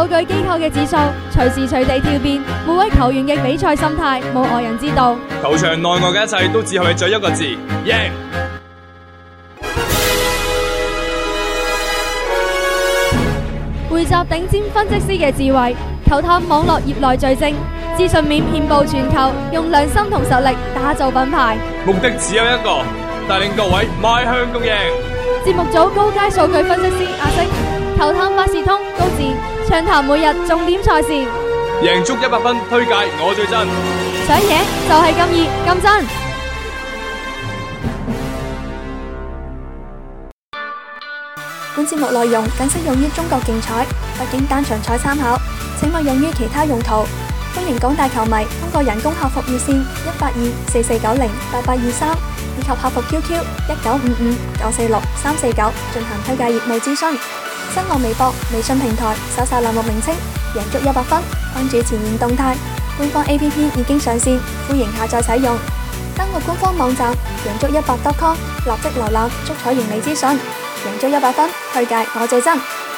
數據機構嘅指數隨時隨地跳變，每位球員嘅比賽心態冇外人知道。球場內外嘅一切都只可以做一個字：贏。匯集頂尖分析師嘅智慧，球探網絡業內最精，資訊面遍布全球，用良心同實力打造品牌。目的只有一個，帶領各位邁向共贏。節目組高階數據分析師阿星，球探百事通高智。暢談每日重點賽事，贏足一百分，推介我最真，想贏就係咁易咁真。本節目內容僅適用於中國競彩、北京單場彩參考，請勿用於其他用途。歡迎廣大球迷通過人工客服熱線18244908823以及客服 QQ1955946349 進行推介業務諮詢。新浪微博、微信平台，搜索欄目名稱，贏足一百分，關注前沿動態。官方 A P P 已經上線，歡迎下載使用。登錄官方網站，贏足一百 .com，立即瀏覽足彩盈利資訊。贏足一百分，推介我最真。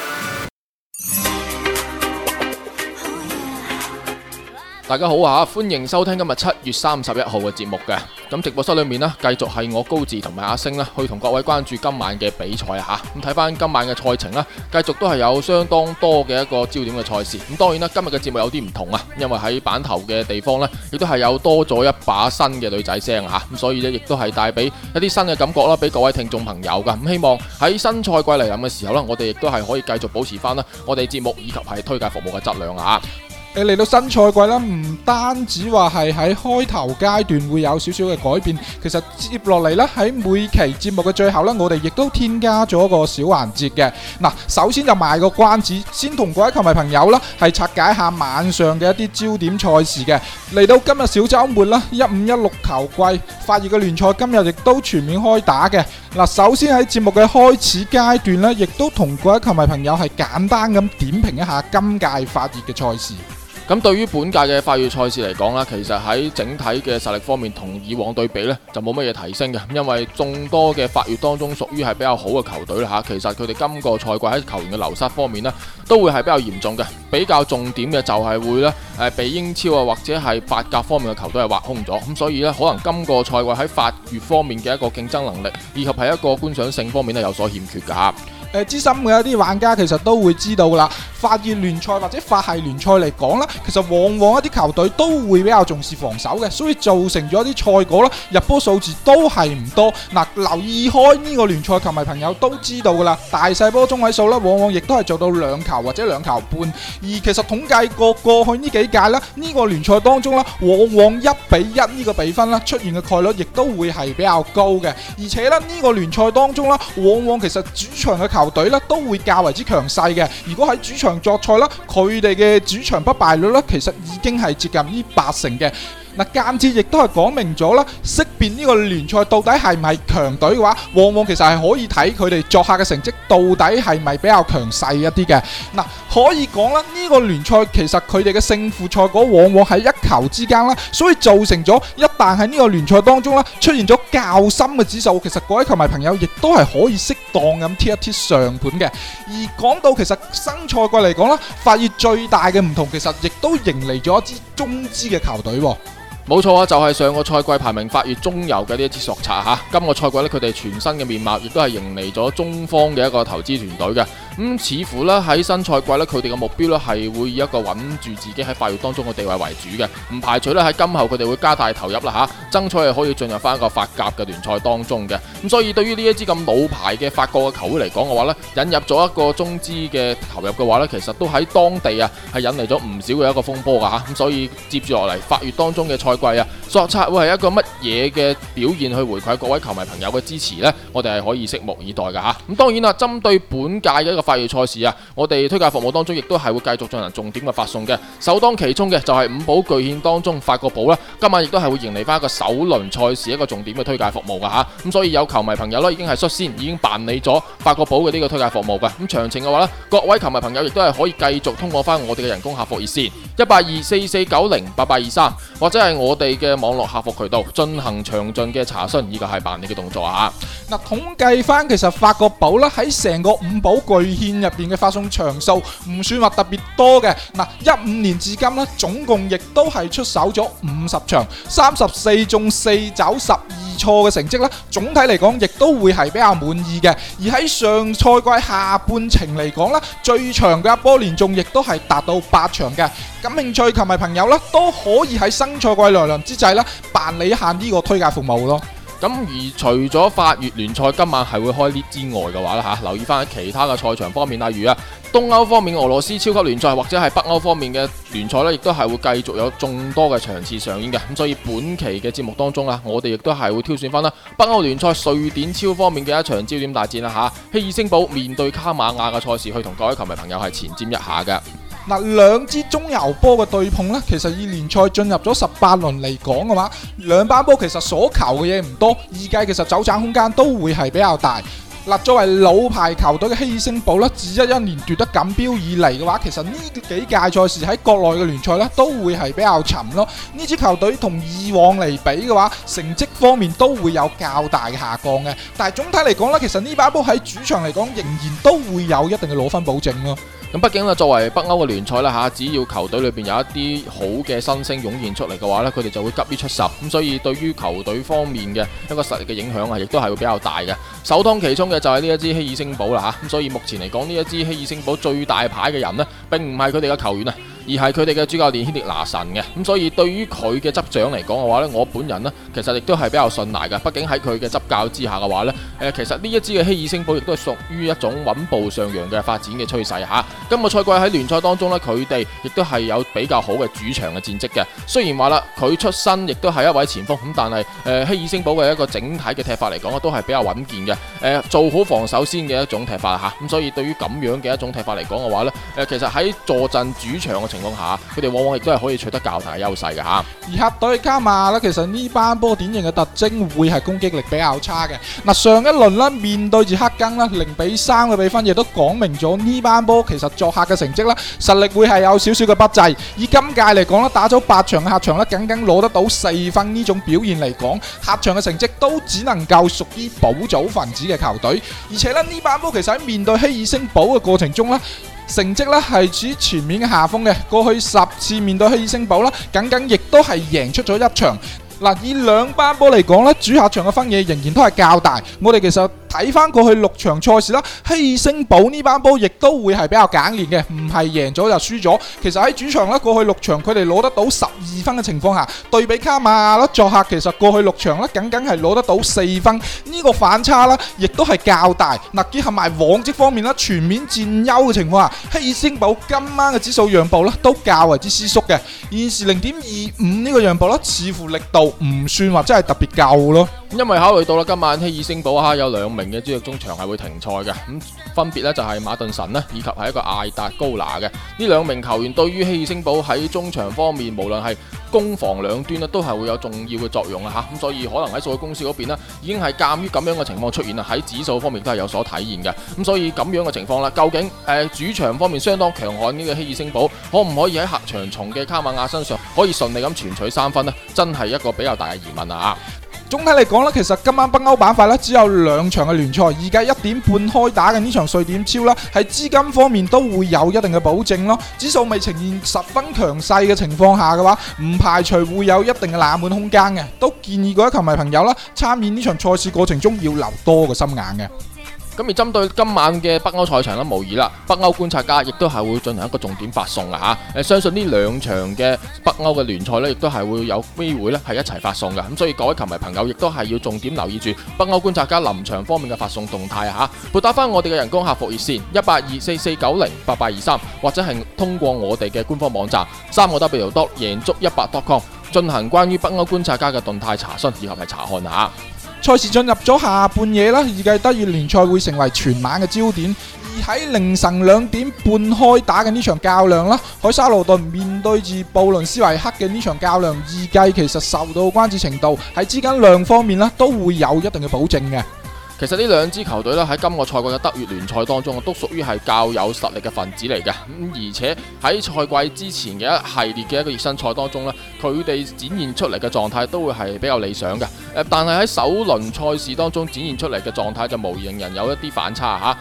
大家好啊，歡迎收聽今日七月三十一號嘅節目嘅。咁直播室裏面呢，繼續係我高智同埋阿星啦，去同各位關注今晚嘅比賽啊吓。咁睇翻今晚嘅賽程啦，繼續都係有相當多嘅一個焦點嘅賽事。咁、啊、當然啦，今日嘅節目有啲唔同啊，因為喺板頭嘅地方呢，亦都係有多咗一把新嘅女仔聲啊吓。咁所以呢，亦都係帶俾一啲新嘅感覺啦，俾各位聽眾朋友噶。咁希望喺新賽季嚟臨嘅時候啦，我哋亦都係可以繼續保持翻啦，我哋節目以及係推介服務嘅質量啊。誒嚟到新賽季啦，唔單止話係喺開頭階段會有少少嘅改變，其實接落嚟啦，喺每期節目嘅最後咧，我哋亦都添加咗個小環節嘅嗱。首先就賣個關子，先同各位球迷朋友啦，係拆解下晚上嘅一啲焦點賽事嘅。嚟到今日小周末啦，一五一六球季法乙嘅聯賽今日亦都全面開打嘅嗱。首先喺節目嘅開始階段咧，亦都同各位球迷朋友係簡單咁點評一下今屆法乙嘅賽事。咁對於本屆嘅法乙賽事嚟講啦，其實喺整體嘅實力方面同以往對比呢，就冇乜嘢提升嘅。因為眾多嘅法乙當中屬於係比較好嘅球隊啦吓，其實佢哋今個賽季喺球員嘅流失方面呢，都會係比較嚴重嘅，比較重點嘅就係會呢，誒被英超啊，或者係法甲方面嘅球隊係挖空咗，咁所以呢，可能今個賽季喺法乙方面嘅一個競爭能力以及係一個觀賞性方面係有所欠缺嘅。誒，資深嘅一啲玩家其實都會知道啦。法乙聯賽或者法系聯賽嚟講啦，其實往往一啲球隊都會比較重視防守嘅，所以造成咗一啲賽果啦，入波數字都係唔多。嗱，留意開呢個聯賽球迷朋友都知道嘅啦，大細波中位數啦，往往亦都係做到兩球或者兩球半。而其實統計過過去呢幾屆啦，呢個聯賽當中啦，往往一比一呢個比分啦出現嘅概率亦都會係比較高嘅。而且啦，呢個聯賽當中啦，往往其實主場嘅球球隊啦都會較為之強勢嘅，如果喺主場作賽啦，佢哋嘅主場不敗率咧，其實已經係接近呢八成嘅。嗱、啊，間接亦都係講明咗啦，識別呢個聯賽到底係唔係強隊嘅話，往往其實係可以睇佢哋作客嘅成績到底係咪比較強勢一啲嘅。嗱、啊，可以講啦，呢、這個聯賽其實佢哋嘅勝負賽果往往喺一球之間啦，所以造成咗一旦喺呢個聯賽當中啦出現咗較深嘅指數，其實各位球迷朋友亦都係可以適當咁踢一踢上盤嘅。而講到其實新賽季嚟講啦，發現最大嘅唔同其實亦都迎嚟咗一支中資嘅球隊、啊。冇錯啊，就係、是、上個賽季排名八月中游嘅呢一支索察。吓、啊，今個賽季咧佢哋全新嘅面貌，亦都係迎嚟咗中方嘅一個投資團隊嘅。咁、嗯、似乎咧喺新賽季咧，佢哋嘅目標咧係會以一個穩住自己喺法乙當中嘅地位為主嘅，唔排除咧喺今後佢哋會加大投入啦吓、啊，爭取係可以進入翻一個法甲嘅聯賽當中嘅。咁、嗯、所以對於呢一支咁老牌嘅法國嘅球會嚟講嘅話咧，引入咗一個中資嘅投入嘅話咧，其實都喺當地啊係引嚟咗唔少嘅一個風波噶吓。咁、啊、所以接住落嚟法乙當中嘅賽季啊，索策會係一個乜嘢嘅表現去回饋各位球迷朋友嘅支持呢？我哋係可以拭目以待噶吓。咁、啊、當然啦，針對本屆嘅一個。法乙賽事啊，我哋推介服務當中亦都係會繼續進行重點嘅發送嘅，首當其衝嘅就係五寶巨獻當中法國寶啦，今晚亦都係會迎嚟翻一個首輪賽事一個重點嘅推介服務噶吓，咁、啊、所以有球迷朋友呢，已經係率先已經辦理咗法國寶嘅呢個推介服務噶，咁、啊、詳情嘅話呢，各位球迷朋友亦都係可以繼續通過翻我哋嘅人工客服熱線一八二四四九零八八二三，23, 或者係我哋嘅網絡客服渠道進行詳盡嘅查詢以及係辦理嘅動作啊，嗱統計翻其實法國寶呢，喺成個五寶巨欠入邊嘅發送場數唔算話特別多嘅，嗱一五年至今咧，總共亦都係出手咗五十場，三十四中四走十二錯嘅成績啦，總體嚟講亦都會係比較滿意嘅。而喺上賽季下半程嚟講啦，最長嘅一波連中亦都係達到八場嘅。感興趣球迷朋友啦，都可以喺新賽季來臨之際啦，辦理下呢個推介服務咯。咁而除咗法越聯賽今晚係會開 l 之外嘅話咧吓，留意翻喺其他嘅賽場方面，例如啊東歐方面俄羅斯超級聯賽，或者係北歐方面嘅聯賽咧，亦都係會繼續有眾多嘅場次上演嘅。咁所以本期嘅節目當中啊，我哋亦都係會挑選翻啦北歐聯賽瑞典超方面嘅一場焦點大戰啦吓，希爾星堡面對卡馬亞嘅賽事，去同各位球迷朋友係前瞻一下嘅。嗱，兩、啊、支中游波嘅對碰呢，其實以聯賽進入咗十八輪嚟講嘅話，兩班波其實所求嘅嘢唔多，二屆其實走盞空間都會係比較大。嗱、啊，作為老牌球隊嘅希爾森堡咧，自一一年奪得錦標以嚟嘅話，其實幾屆賽賽呢幾屆賽事喺國內嘅聯賽咧都會係比較沉咯。呢支球隊同以往嚟比嘅話，成績方面都會有較大嘅下降嘅。但係總體嚟講呢，其實呢把波喺主場嚟講，仍然都會有一定嘅攞分保證咯。咁畢竟啦，作為北歐嘅聯賽啦嚇，只要球隊裏邊有一啲好嘅新星湧現出嚟嘅話咧，佢哋就會急於出售。咁所以對於球隊方面嘅一個實力嘅影響啊，亦都係會比較大嘅。首當其衝嘅就係呢一支希爾星堡啦嚇。咁所以目前嚟講，呢一支希爾星堡最大牌嘅人呢，並唔係佢哋嘅球員啊。而係佢哋嘅主教練希迪拿神嘅。咁所以對於佢嘅執掌嚟講嘅話呢，我本人呢，其實亦都係比較信賴嘅。畢竟喺佢嘅執教之下嘅話呢，誒其實呢一支嘅希爾星堡亦都係屬於一種穩步上揚嘅發展嘅趨勢嚇。今個賽季喺聯賽當中呢，佢哋亦都係有比較好嘅主場嘅戰績嘅。雖然話啦，佢出身亦都係一位前鋒咁，但係誒，希爾星堡嘅一個整體嘅踢法嚟講都係比較穩健嘅。誒做好防守先嘅一種踢法嚇，咁所以對於咁樣嘅一種踢法嚟講嘅話呢，誒其實喺坐鎮主場情況下，佢哋往往亦都係可以取得較大嘅優勢嘅吓。而客隊卡馬啦，其實呢班波典型嘅特徵會係攻擊力比較差嘅。嗱，上一輪啦，面對住黑更啦，零比三嘅比分亦都講明咗呢班波其實作客嘅成績啦，實力會係有少少嘅不濟。以今屆嚟講啦，打咗八場嘅客場啦，僅僅攞得到四分，呢種表現嚟講，客場嘅成績都只能夠屬於保組分子嘅球隊。而且啦，呢班波其實喺面對希爾星堡嘅過程中啦。成績呢係處全面嘅下風嘅，過去十次面對希爾堡啦，僅僅亦都係贏出咗一場。嗱，以兩班波嚟講呢，主客場嘅分野仍然都係較大。我哋其實。睇返過去六場賽事啦，希爾星堡呢班波亦都會係比較簡練嘅，唔係贏咗就輸咗。其實喺主場啦，過去六場佢哋攞得到十二分嘅情況下，對比卡馬啦作客，其實過去六場呢，僅僅係攞得到四分，呢個反差啦，亦都係較大。嗱，結合埋往績方面啦，全面佔優嘅情況下，希爾星堡今晚嘅指數讓步呢，都較為之舒縮嘅，現時零點二五呢個讓步啦，似乎力度唔算話真係特別夠咯。因為考慮到啦，今晚希爾星堡哈有兩名嘅主力中場係會停賽嘅，咁、嗯、分別咧就係馬頓神咧，以及係一個艾達高拿嘅。呢兩名球員對於希爾星堡喺中場方面，無論係攻防兩端咧，都係會有重要嘅作用啊！吓，咁、嗯、所以可能喺數據公司嗰邊咧，已經係鑒於咁樣嘅情況出現啦，喺指數方面都係有所體現嘅。咁、嗯、所以咁樣嘅情況啦，究竟誒、呃、主場方面相當強悍呢個希爾星堡，可唔可以喺客場從嘅卡馬亞身上可以順利咁全取三分呢？真係一個比較大嘅疑問啊！總體嚟講咧，其實今晚北歐板塊咧只有兩場嘅聯賽，而家一點半開打嘅呢場瑞典超啦，喺資金方面都會有一定嘅保證咯。指數未呈現十分強勢嘅情況下嘅話，唔排除會有一定嘅冷門空間嘅，都建議各位球迷朋友啦，參與呢場賽事過程中要留多個心眼嘅。咁而針對今晚嘅北歐賽場啦，無疑啦，北歐觀察家亦都係會進行一個重點發送嘅嚇。誒，相信呢兩場嘅北歐嘅聯賽呢，亦都係會有機會呢，係一齊發送嘅。咁所以各位球迷朋友亦都係要重點留意住北歐觀察家臨場方面嘅發送動態啊！嚇，撥打翻我哋嘅人工客服熱線一八二四四九零八八二三，23, 或者係通過我哋嘅官方網站三個 W 多贏足一百多 com 進行關於北歐觀察家嘅動態查詢以及係查看下。賽事進入咗下半夜啦，預計德乙聯賽會成為全晚嘅焦點。而喺凌晨兩點半開打嘅呢場較量啦，海沙羅頓面對住布倫斯維克嘅呢場較量，預計其實受到關注程度喺資金量方面啦，都會有一定嘅保證嘅。其實呢兩支球隊咧喺今個賽季嘅德乙聯賽當中，都屬於係較有實力嘅分子嚟嘅。咁而且喺賽季之前嘅一系列嘅一個熱身賽當中呢，佢哋展現出嚟嘅狀態都會係比較理想嘅。但係喺首輪賽事當中展現出嚟嘅狀態就無形人有一啲反差吓。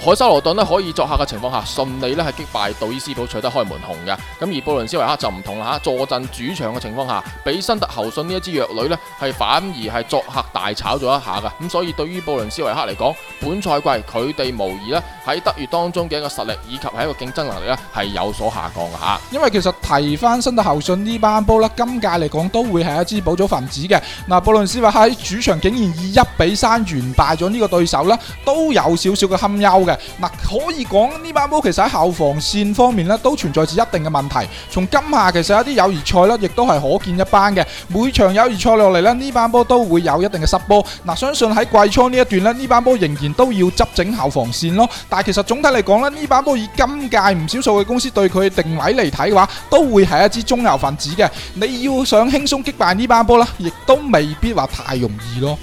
海沙羅頓咧可以作客嘅情況下，順利咧係擊敗杜伊斯堡取得開門紅嘅。咁而布倫斯維克就唔同啦，坐鎮主場嘅情況下，俾身特侯信呢一支弱旅咧，係反而係作客大炒咗一下嘅。咁所以對於布倫斯維克嚟講，本賽季佢哋無疑咧喺德乙當中嘅一個實力以及喺一個競爭能力咧係有所下降嘅吓。因為其實提翻身特侯信呢班波咧，今屆嚟講都會係一支保組分子嘅。嗱，布倫斯維克喺主場竟然以一比三完敗咗呢個對手啦，都有少少嘅堪憂。嗱，可以講呢班波其實喺後防線方面咧，都存在住一定嘅問題。從今夏其實有啲友誼賽咧，亦都係可見一斑嘅。每場友誼賽落嚟咧，呢班波都會有一定嘅失波。嗱，相信喺季初呢一段咧，呢班波仍然都要執整後防線咯。但係其實總體嚟講咧，呢班波以今屆唔少數據公司對佢嘅定位嚟睇嘅話，都會係一支中游分子嘅。你要想輕鬆擊敗呢班波咧，亦都未必話太容易咯。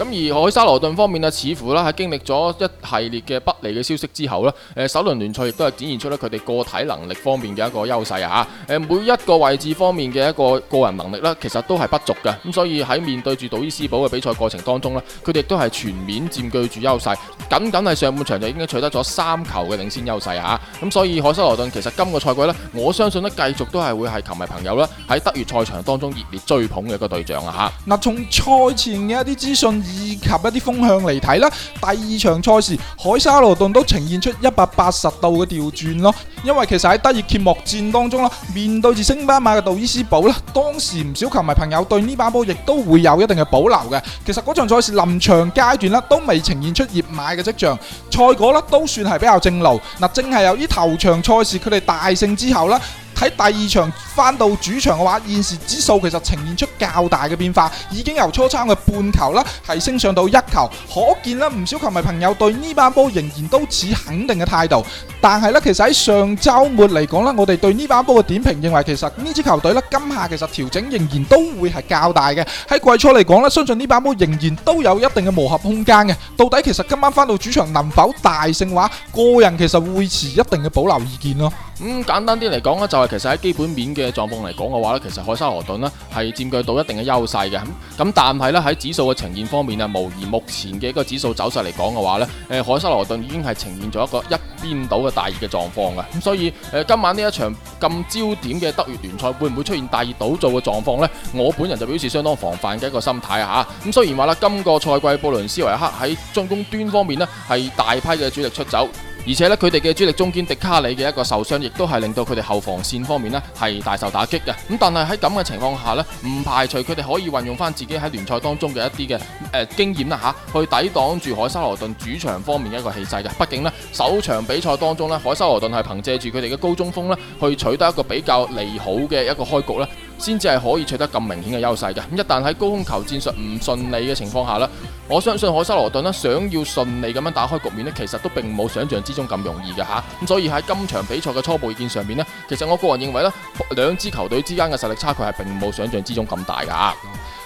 咁而海沙羅頓方面呢，似乎啦喺經歷咗一系列嘅不利嘅消息之後呢，誒首輪聯賽亦都係展現出咧佢哋個體能力方面嘅一個優勢啊吓，誒每一個位置方面嘅一個個人能力呢，其實都係不俗嘅。咁所以喺面對住杜伊斯堡嘅比賽過程當中呢，佢哋都係全面佔據住優勢，僅僅係上半場就已經取得咗三球嘅領先優勢啊。咁所以海沙羅頓其實今個賽季呢，我相信呢，繼續都係會係球迷朋友咧喺德乙賽場當中熱烈追捧嘅一個對象啊吓。嗱，從賽前嘅一啲資訊。以及一啲風向嚟睇啦，第二場賽事海沙羅頓都呈現出一百八十度嘅調轉咯，因為其實喺德乙揭幕戰當中啦，面對住星巴馬嘅杜伊斯堡啦，當時唔少球迷朋友對呢把波亦都會有一定嘅保留嘅。其實嗰場賽事臨場階段啦，都未呈現出熱買嘅跡象，賽果啦都算係比較正路。嗱，正係由於頭場賽事佢哋大勝之後啦。喺第二場翻到主場嘅話，現時指數其實呈現出較大嘅變化，已經由初參嘅半球啦，係升上到一球。可見啦，唔少球迷朋友對呢班波仍然都持肯定嘅態度。但係呢，其實喺上周末嚟講呢，我哋對呢班波嘅點評認為，其實呢支球隊呢今夏其實調整仍然都會係較大嘅。喺季初嚟講呢，相信呢班波仍然都有一定嘅磨合空間嘅。到底其實今晚翻到主場能否大勝嘅話，個人其實會持一定嘅保留意見咯。咁、嗯、簡單啲嚟講呢就係，是，其實喺基本面嘅狀況嚟講嘅話呢，其實海沙羅頓呢係佔據到一定嘅優勢嘅。咁、嗯、但係呢，喺指數嘅呈現方面啊，無疑目前嘅一個指數走勢嚟講嘅話呢誒，呃、海沙羅頓已經係呈現咗一個一邊倒嘅大熱嘅狀況嘅。咁所以誒，呃、今晚呢一場咁焦點嘅德乙聯賽會唔會出現大熱倒灶嘅狀況呢？我本人就表示相當防範嘅一個心態嚇。咁、嗯、雖然話啦，今個賽季布倫斯維克喺進攻端方面呢係大批嘅主力出走，而且呢，佢哋嘅主力中堅迪卡里嘅一個受傷都係令到佢哋後防線方面咧係大受打擊嘅，咁但係喺咁嘅情況下咧，唔排除佢哋可以運用翻自己喺聯賽當中嘅一啲嘅誒經驗啦吓，去抵擋住海沙羅頓主場方面嘅一個氣勢嘅。畢竟呢，首場比賽當中咧，海沙羅頓係憑借住佢哋嘅高中鋒咧，去取得一個比較利好嘅一個開局啦。先至係可以取得咁明顯嘅優勢嘅。一旦喺高空球戰術唔順利嘅情況下咧，我相信海沙羅頓咧想要順利咁樣打開局面咧，其實都並冇想象之中咁容易嘅嚇。咁所以喺今場比賽嘅初步意見上面咧，其實我個人認為咧，兩支球隊之間嘅實力差距係並冇想象之中咁大嘅。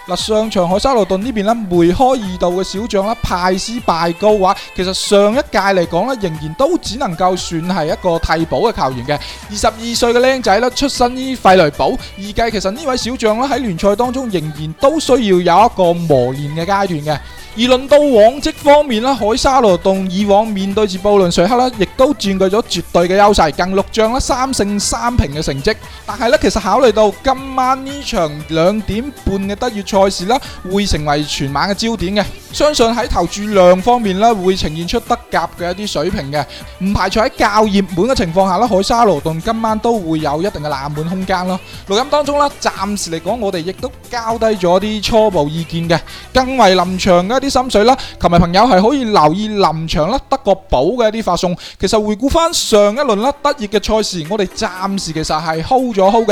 嗱，上場海沙羅頓呢邊咧，梅開二度嘅小將啦，派斯拜高話，其實上一屆嚟講咧，仍然都只能夠算係一個替補嘅球員嘅，二十二歲嘅僆仔啦，出身於費雷堡，預計其實呢位小將咧喺聯賽當中仍然都需要有一個磨練嘅階段嘅。而論到往績方面啦，海沙羅頓以往面對住布倫瑞克啦，亦都佔據咗絕對嘅優勢，近六仗啦三勝三平嘅成績。但係咧，其實考慮到今晚呢場兩點半嘅德乙，賽事啦，會成為全晚嘅焦點嘅。相信喺投注量方面啦，會呈現出德甲嘅一啲水平嘅。唔排除喺較熱門嘅情況下啦，海沙羅頓今晚都會有一定嘅冷門空間咯。錄音當中啦，暫時嚟講，我哋亦都交低咗啲初步意見嘅。更為臨場嘅一啲心水啦，琴日朋友係可以留意臨場啦，德國寶嘅一啲發送。其實回顧翻上一輪啦，德乙嘅賽事，我哋暫時其實係 hold 咗 hold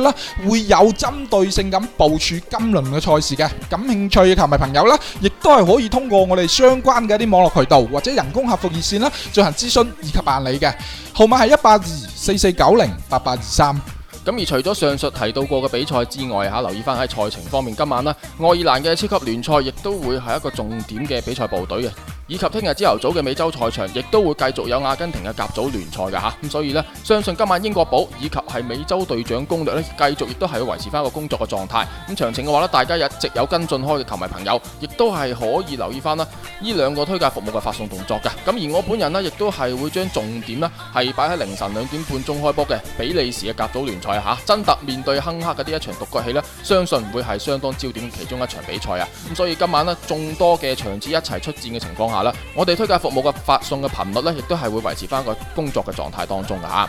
啦，會有針對性咁部署今輪嘅賽事嘅，感興趣嘅球迷朋友呢，亦都係可以通過我哋相關嘅一啲網絡渠道或者人工客服熱線啦，進行諮詢以及辦理嘅，號碼係一八二四四九零八八二三。咁，而除咗上述提到過嘅比賽之外，吓，留意翻喺賽程方面，今晚呢，愛爾蘭嘅超級聯賽亦都會係一個重點嘅比賽部隊嘅。以及聽日朝頭早嘅美洲賽場，亦都會繼續有阿根廷嘅甲組聯賽㗎吓，咁、嗯、所以呢，相信今晚英國寶以及係美洲隊長攻略呢，繼續亦都係要維持翻一個工作嘅狀態。咁、嗯、詳情嘅話呢，大家一直有跟進開嘅球迷朋友，亦都係可以留意翻啦，呢兩個推介服務嘅發送動作㗎。咁、嗯、而我本人呢，亦都係會將重點呢，係擺喺凌晨兩點半鐘開波嘅比利時嘅甲組聯賽嚇，真特面對亨克嘅呢一場獨角戲呢，相信唔會係相當焦點其中一場比賽啊。咁、嗯、所以今晚呢，眾多嘅場次一齊出戰嘅情況下，我哋推介服務嘅發送嘅頻率呢，亦都係會維持翻個工作嘅狀態當中嘅吓。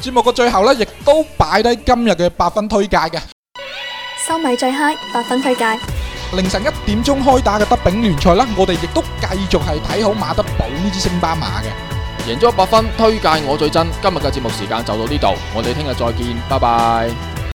節目嘅最後呢，亦都擺低今日嘅八分推介嘅，收米最嗨八分推介。凌晨一點鐘開打嘅德丙聯賽啦，我哋亦都繼續係睇好馬德堡呢支升班馬嘅，贏足 100FUN 推介我最真。今日嘅節目時間就到呢度，我哋聽日再見，拜拜。